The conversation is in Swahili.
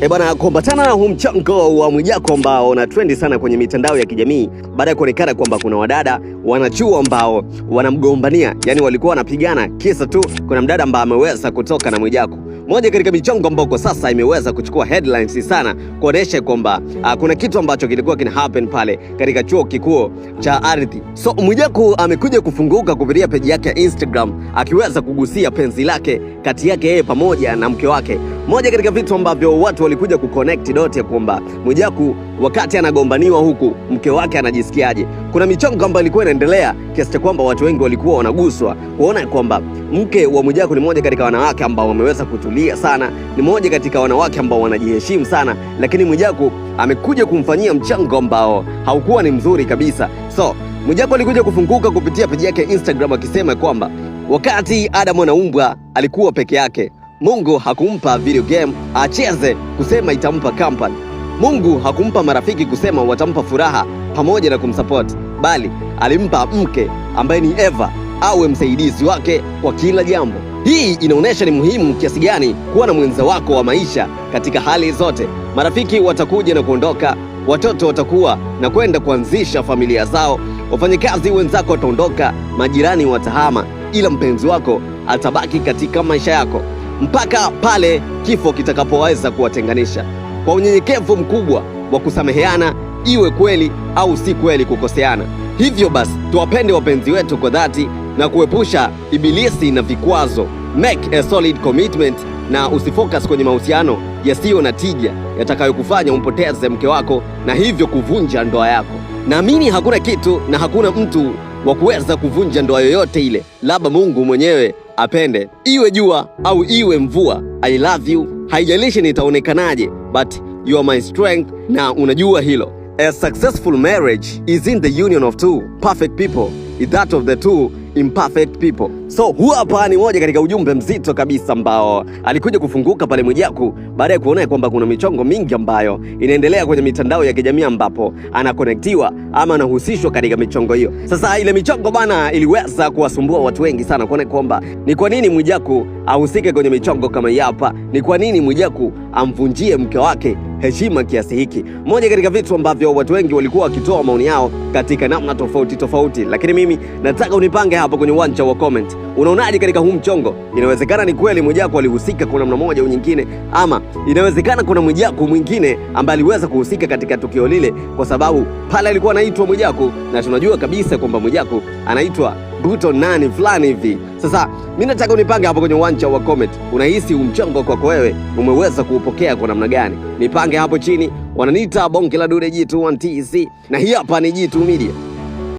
ebana eh bwana, kuambatana na huu mchango wa Mwijaku ambao una trendi sana kwenye mitandao ya kijamii baada ya kuonekana kwamba kuna wadada wanachuo ambao wanamgombania, yani walikuwa wanapigana kisa tu kuna mdada ambaye ameweza kutoka na Mwijaku. Moja katika michongo ambayo kwa sasa imeweza kuchukua headlines sana kuonesha kwamba ah, kuna kitu ambacho kilikuwa kina happen pale katika chuo kikuu cha ardhi. So Mwijaku amekuja kufunguka kupitia peji yake ya Instagram akiweza kugusia penzi lake kati yake yeye pamoja na mke wake moja katika vitu ambavyo watu walikuja kuconnect dote kwamba Mwijaku wakati anagombaniwa huku mke wake anajisikiaje. Kuna michongo ambayo ilikuwa inaendelea kiasi cha kwamba watu wengi walikuwa wanaguswa kuona kwamba mke wa Mwijaku ni moja katika wanawake ambao wameweza kutulia sana, ni moja katika wanawake ambao wanajiheshimu sana, lakini Mwijaku amekuja kumfanyia mchango ambao haukuwa ni mzuri kabisa. So Mwijaku alikuja kufunguka kupitia peji yake Instagram akisema kwamba wakati Adamu anaumbwa alikuwa peke yake Mungu hakumpa video game acheze kusema itampa company. Mungu hakumpa marafiki kusema watampa furaha pamoja na kumsapoti, bali alimpa mke ambaye ni Eva awe msaidizi wake kwa kila jambo. Hii inaonyesha ni muhimu kiasi gani kuwa na mwenza wako wa maisha katika hali zote. Marafiki watakuja na kuondoka, watoto watakuwa na kwenda kuanzisha familia zao, wafanyakazi wenzako wataondoka, majirani watahama, ila mpenzi wako atabaki katika maisha yako mpaka pale kifo kitakapoweza kuwatenganisha. Kwa unyenyekevu mkubwa wa kusameheana, iwe kweli au si kweli kukoseana. Hivyo basi, tuwapende wapenzi wetu kwa dhati na kuepusha ibilisi na vikwazo. Make a solid commitment na usifocus kwenye mahusiano yasiyo na tija yatakayokufanya umpoteze mke wako na hivyo kuvunja ndoa yako. Naamini hakuna kitu na hakuna mtu wa kuweza kuvunja ndoa yoyote ile, labda Mungu mwenyewe apende, iwe jua au iwe mvua. I love you, haijalishi nitaonekanaje, but you are my strength, na unajua hilo. A successful marriage is in the union of two perfect people, is that of the two imperfect people. So huu hapa ni moja katika ujumbe mzito kabisa ambao alikuja kufunguka pale Mwijaku baada ya kuona kwamba kuna michongo mingi ambayo inaendelea kwenye mitandao ya kijamii ambapo anakonektiwa ama anahusishwa katika michongo hiyo. Sasa ile michongo bana iliweza kuwasumbua watu wengi sana kuona kwamba ni kwa nini Mwijaku ahusike kwenye michongo kama hapa? Ni kwa nini Mwijaku amvunjie mke wake heshima kiasi hiki. Moja katika vitu ambavyo watu wengi walikuwa wakitoa maoni yao katika namna tofauti tofauti, lakini mimi nataka unipange hapo kwenye uwanja wa comment. Unaonaje katika huu mchongo? Inawezekana ni kweli Mwijaku alihusika kwa namna moja au nyingine, ama inawezekana kuna Mwijaku mwingine ambaye aliweza kuhusika katika tukio lile, kwa sababu pale alikuwa anaitwa Mwijaku na tunajua kabisa kwamba Mwijaku anaitwa Buto nani fulani hivi. Sasa mi nataka unipange hapo kwenye uwanja wa comment, unahisi umchango kwako wewe umeweza kuupokea kwa namna gani? Nipange hapo chini. Wananiita bonge la dude Jitu1 TC, e na hii hapa ni Jitu Media.